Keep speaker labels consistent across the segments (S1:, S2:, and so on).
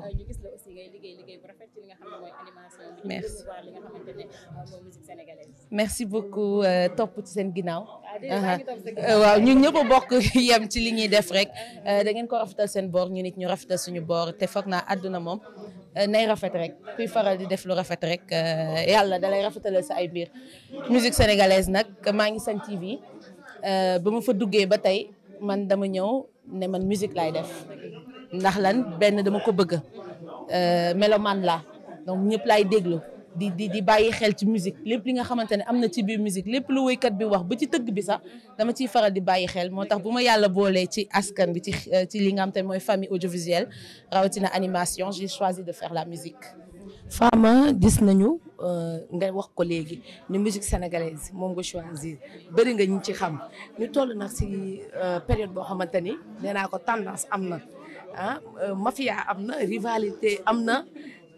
S1: waaw gis la ngay liggéey liggéey rafet li nga xam ne mooy animation
S2: euh, merci beaucoup euh, topp ci seen ginnaaw ah, euh, waaw ñu ñëpp a bokk yem ci li ñuy def rek da ngeen ko rafetal seen boor ñu nit ñu rafetal suñu boor te foog naa àdduna moom nay rafet rek kuy faral di def lu rafet rek yàlla dalay rafetalal sa ay mbir musique sénégalaise nag maa ngi Sen TV ba ma fa duggee ba tey man dama ñëw ne man musique laay def ndax lan benn dama ko bëgg euh, mélomane la donc ñëpp laay déglu di di di bàyyi xel ci musique lépp li nga xamante ne am na ci biir musique lépp lu woykat bi wax ba ci tëgg bi sax dama ciy faral di bàyyi xel moo tax bu ma yàlla boolee ci askan bi ci euh, ci li nga xam te ne mooy famille audiovisuelle rawatina animation j'ai choisi de faire la musique. Fama gis nañu euh, nga wax ko léegi ni musique sénégalaise moom nga choisir bëri nga ñu ci xam ñu toll nag si période boo xamante ni nee naa ko tendance am na. ah euh, mafia am na rivalité am na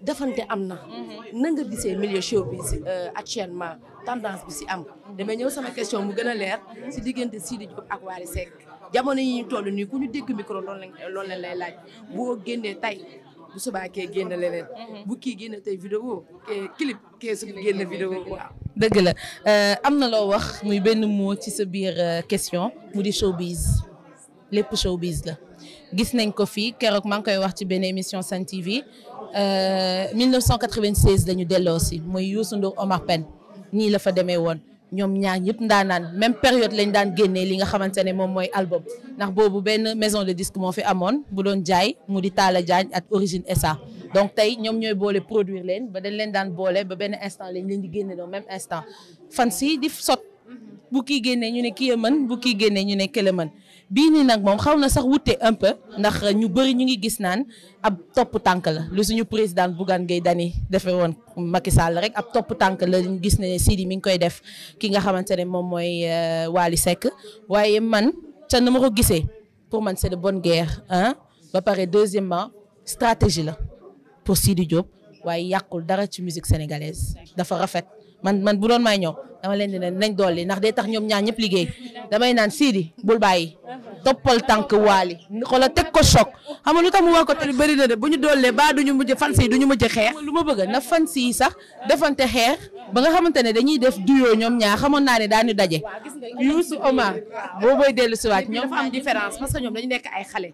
S2: defante am na. Mhm. na nga gisee milieu showbiz euh, actuellement tendance bi si am. damay ñëw sama question mu gën a leer si diggante Sidi Diop ak Wally Seck jamono yi ñu toll nii ku ñu dégg micro loolu lañ loolu lañ lay laaj boo génnee tey. bu subaa kee génn leneen. Mhm. bu kii génn tey vidéo kee clip kee su génn vidéo waaw. dëgg la euh, am na loo wax muy benn moo ci sa biir question mu di showbiz lépp showbiz la. gis nañ ko fii keroog maa ngi koy wax ci benn émission Sen TV 1996 euh, la ñu delloo si muy Youssou Ndour nii la fa demee woon ñoom ñaar ñëpp ndaanaan même période lañ daan génnee li nga xamante ne moom mooy album ndax boobu benn maison de disque moo fi amoon bu doon jaay mu di Talla Diagne ak Origine SA donc tey ñoom ñooy boole produire leen ba dañ leen daan boole ba benn instant lañ leen di génne doon même instant fan di sot bu kii génnee ñu ne kii mën bu kii génnee ñu ne kële mën bii nii nag moom xaw na sax wute un peu ndax ñu bëri ñu ngi gis naan ab topp tànk la lu suñu président Bougane Gueye Dany defee woon Macky Sall rek ab topp tànk la ñu gis ne Sidi mi ngi koy def ki nga xamante ne moom mooy euh, waali sekk waaye man ca na gisee pour man c'est de bonne guerre hein ba pare deuxièmement stratégie la pour Sidi Diop waaye yàqul dara ci musique sénégalaise dafa rafet. man man bu doon may ñoom dama leen di nañ dolli ndax day tax ñoom ñaa ñëpp liggéey damay naan Sidi bul bàyyi toppal tànk waali xoola teg ko choc xam nga lu tax mu wax ko te bëri na de bu ñu doolee ba duñu mujj fans yi duñu mujj xeex lu ma bëgg na fans yi sax defante xeex ba nga xamante ne dañuy def duyoo ñoom ñaar xamoon naa ne daanu daje Youssou Omar boo bay dellu si waat ñoom dafa am différence parce ñoom dañu nekk ay xale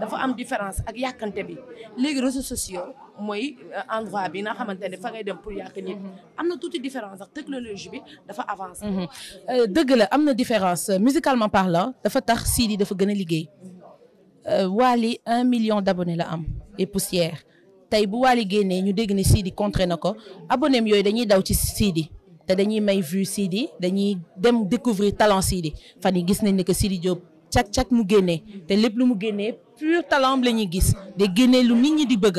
S2: dafa am différence ak yàkkante bi léegi réseaux sociaux mooy euh, endroit bi nga xamante ne fa ngay dem pour yàq nit am na tuuti différence ndax technologie bi dafa avancé. Mhm. Euh, dëgg la am na différence musicalement parlant dafa tax Sidi dafa gën a liggéey. Euh, Wally un million d'abonnés la am et poussière tey bu Wally génnee ñu dégg ne Sidi contré na ko abonné yooyu dañuy daw ci Sidi. te dañuy may vue Sidi dañuy dem découvrir talent Sidi fan yi gis nañ ne que Sidi Diop cak cak mu génnee te lépp lu mu génnee. pur talent la ñuy gis de génne lu nit ñi di bëgg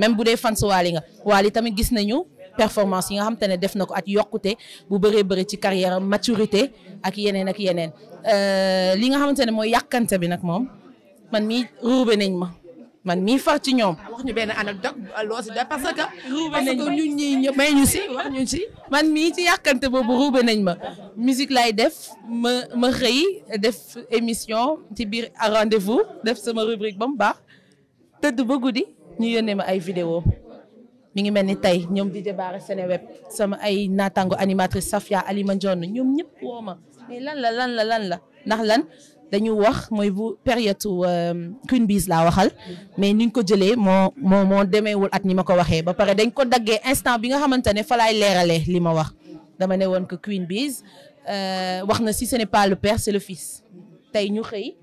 S2: même bu dee fans Wally nga Wally tamit gis nañu performance yi nga xam te ne def na ko ak yokkute bu bëree bëri ci carrière maturité ak yeneen ak yeneen euh, li nga xamante ne mooy yàkkante bi nag moom man mi ruube nañ ma. man mii far ci ñoom. wax ñu benn anecdote loo si parce que. parce que ñun ñii ñëpp ñu si wax ñu si. man mii ci yàkkante boobu ruube nañ ma. musique laay def ma ma xëy def émission ci biir à rendez def sama rubrique ba mu baax tëdd ba guddi ñu yónnee ma ay vidéo mu ngi mel ni tey ñoom di débarré Seneweb sama ay naataango animatrice Safia Alima Ndione ñoom ñëpp woo ma mais lan la lan la lan la ndax lan dañu wax mooy bu période euh, Queen Bees laa waxal mais ni ñu ko jëlee moo moo moo demeewul ak ni ma ko waxee ba pare dañ ko daggee instant bi nga xamante ne fa li ma wax dama ne woon que Queen Bees euh, wax na si ce n'est pas le père c'est tey ñu xëy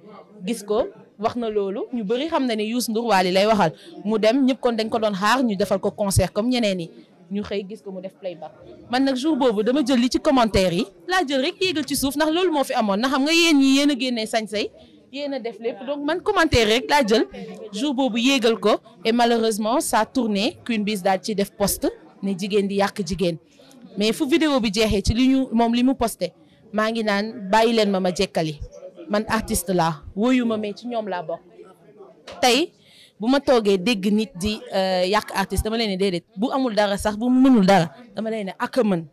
S2: gis ko wax na loolu ñu bari xam na ne Youssou Ndour Wally lay waxal mu dem ñëpp kon dañ ko doon xaar ñu defal ko concert comme ñeneen yi ñu xëy gis ko mu def ba man nag jour boobu dama jël li ci commentaire yi laa jël rek yéegal ci suuf ndax loolu moo fi amoon na xam nga yéen ñi yéen a génnee sañ-say yéen a def lépp donc man commentaire rek laa jël jour boobu yéegal ko et malheureusement ça tourné Queen Biz daal ci def poste ne jigéen di yàq jigéen mais fu vidéo bi jeexee ci li ñu moom li mu posté maa ngi naan bàyyi leen ma ma jekkali man artiste laa wóoyu ma mais ci ñoom laa bokk bu ma toogee dégg nit di euh, yàq artiste dama leen ne déedéet bu amul dara sax bu mu mënul dara dama leen ne ak mën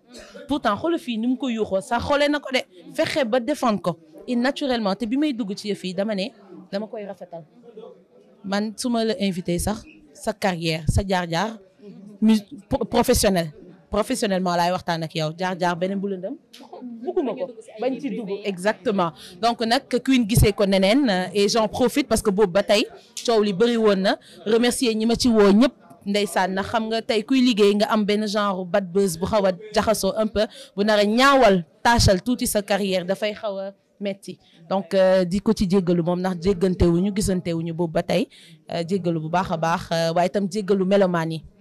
S2: pourtant xoolal fii ni mu ko yuuxoo sax xoolee na ko de fexe ba défendre ko et naturellement te bi may dugg ci yëf yi dama ne dama koy rafetal man su ma la invité sax sa carrière sa jaar-jaar mu professionnel professionnellement laay waxtaan ak yow jaar-jaar beneen bu lëndëm bugguma ko bañ ci dugg exactement donc nag Queen gisee ko neneen et j'en profite parce que boobu ba tey coow li bëri woon na remercier ñi ma ci woo ñëpp ndeysaan na xam nga tey kuy liggéey nga am benn genre bad buzz bu xaw a jaxasoo un peu bu nar a ñaawal taachal tuuti sa carrière dafay xaw a metti donc euh, di ko ci jéggalu moom ndax jéggante wuñu gisante wuñu boobu ba tey euh, jéggalu bu baax a baax euh, waaye itam jéggalu melomaan yi